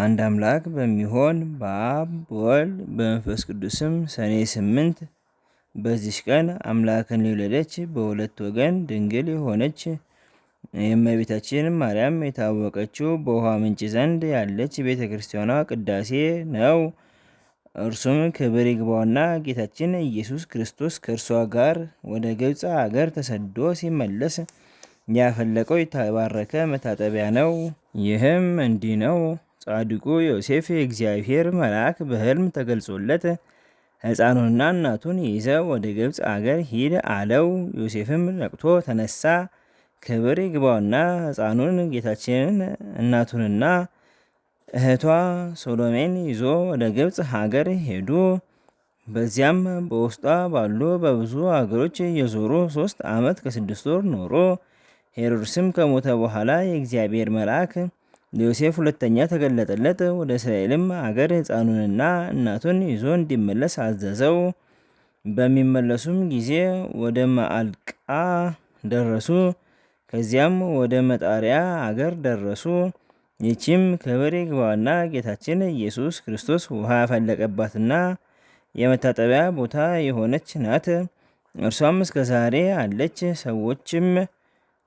አንድ አምላክ በሚሆን በአብ በወልድ በመንፈስ ቅዱስም ሰኔ ስምንት በዚች ቀን አምላክን የወለደች በሁለት ወገን ድንግል የሆነች የእመቤታችን ማርያም የታወቀችው በውሃ ምንጭ ዘንድ ያለች ቤተ ክርስቲያኗ ቅዳሴ ነው። እርሱም ክብር ይግባውና ጌታችን ኢየሱስ ክርስቶስ ከእርሷ ጋር ወደ ግብፅ አገር ተሰዶ ሲመለስ ያፈለቀው የተባረከ መታጠቢያ ነው። ይህም እንዲህ ነው። ጻድቁ ዮሴፍ የእግዚአብሔር መልአክ በሕልም ተገልጾለት ሕፃኑንና እናቱን ይዘ ወደ ግብፅ አገር ሂድ አለው። ዮሴፍም ነቅቶ ተነሳ። ክብር ይግባውና ሕፃኑን ጌታችንን እናቱንና እህቷ ሶሎሜን ይዞ ወደ ግብፅ ሀገር ሄዱ። በዚያም በውስጧ ባሉ በብዙ አገሮች የዞሩ ሶስት ዓመት ከስድስት ወር ኖሮ ሄሮድስም ከሞተ በኋላ የእግዚአብሔር መልአክ ለዮሴፍ ሁለተኛ ተገለጠለት። ወደ እስራኤልም አገር ሕፃኑንና እናቱን ይዞ እንዲመለስ አዘዘው። በሚመለሱም ጊዜ ወደ ማዕልቃ ደረሱ። ከዚያም ወደ መጣሪያ አገር ደረሱ። ይቺም ክብር ይግባውና ጌታችን ኢየሱስ ክርስቶስ ውሃ ያፈለቀባትና የመታጠቢያ ቦታ የሆነች ናት። እርሷም እስከ ዛሬ አለች። ሰዎችም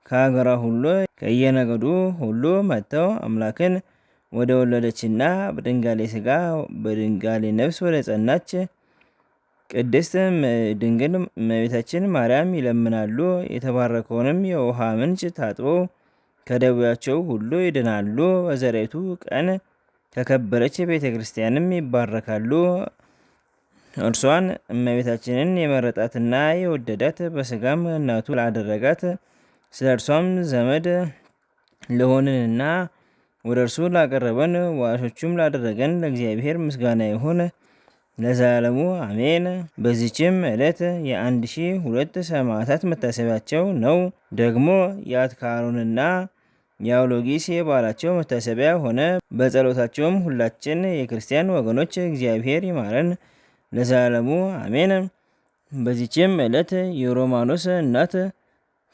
ከሀገሯ ሁሉ ከየነገዱ ሁሉ መጥተው አምላክን ወደ ወለደችና በድንጋሌ ስጋ በድንጋሌ ነፍስ ወደ ጸናች ቅድስት ድንግል እመቤታችን ማርያም ይለምናሉ። የተባረከውንም የውሃ ምንጭ ታጥበው ከደዌያቸው ሁሉ ይድናሉ። በዘሬቱ ቀን ከከበረች ቤተ ክርስቲያንም ይባረካሉ። እርሷን እመቤታችንን የመረጣትና የወደዳት በስጋም እናቱ ላደረጋት ስለ እርሷም ዘመድ ለሆንንና ወደ እርሱ ላቀረበን ዋሾቹም ላደረገን ለእግዚአብሔር ምስጋና ይሁን ለዘላለሙ አሜን። በዚችም ዕለት የአንድ ሺ ሁለት ሰማዕታት መታሰቢያቸው ነው። ደግሞ የአትካሮንና የአውሎጊስ የበዓላቸው መታሰቢያ ሆነ። በጸሎታቸውም ሁላችን የክርስቲያን ወገኖች እግዚአብሔር ይማረን ለዘላለሙ አሜን። በዚችም ዕለት የሮማኖስ እናት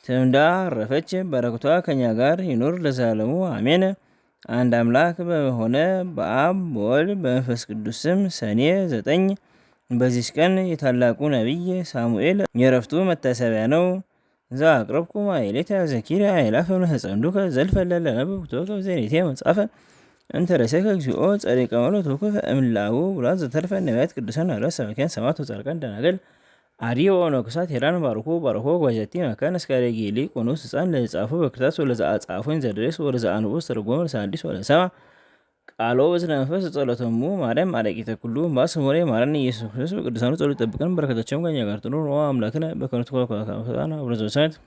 ተምዳ አረፈች። በረከቷ ከኛ ጋር ይኑር ለዘላለሙ አሜን። አንድ አምላክ በሆነ በአብ በወልድ በመንፈስ ቅዱስ ስም ሰኔ ዘጠኝ በዚች ቀን የታላቁ ነቢይ ሳሙኤል የረፍቱ መታሰቢያ ነው። እዛ አቅረብኩ ማይሌት ዘኪር አይላፍ ህፀንዱ ከዘልፈለለ ነብብቶ ከብዘኔቴ መጻፈ እንተረሴ ከግዚኦ ጸሪቀ መሎቶ ከእምላቡ ብሏት ዘተርፈ ነቢያት ቅዱሰን አለ ሰባኪያን ሰማቶ ጻድቃን ደናግል አርዮን ወክሳት ሄራን ባርኮ ባርኮ ጓጀቲ መካን እስካደ ጌሌ ቆኖስ ህፃን ለጻፈ በክርታስ ወለዛ ጻፎን ዘድረስ ወለዛ አንቦስ ተርጎመ ሳዲስ ወለሰባ ቃሎ በስነ መንፈስ ጸሎተሙ ማርያም አለቂተ ኩሉ ማስ ሆሬ ማረን ኢየሱስ ክርስቶስ በቅዱሳኑ ጸሎት ጠብቀን በረከታቸውም ከኛ ጋር ትኑር። አምላክነ በከንቱ ኮካካሳና ብረዘሳት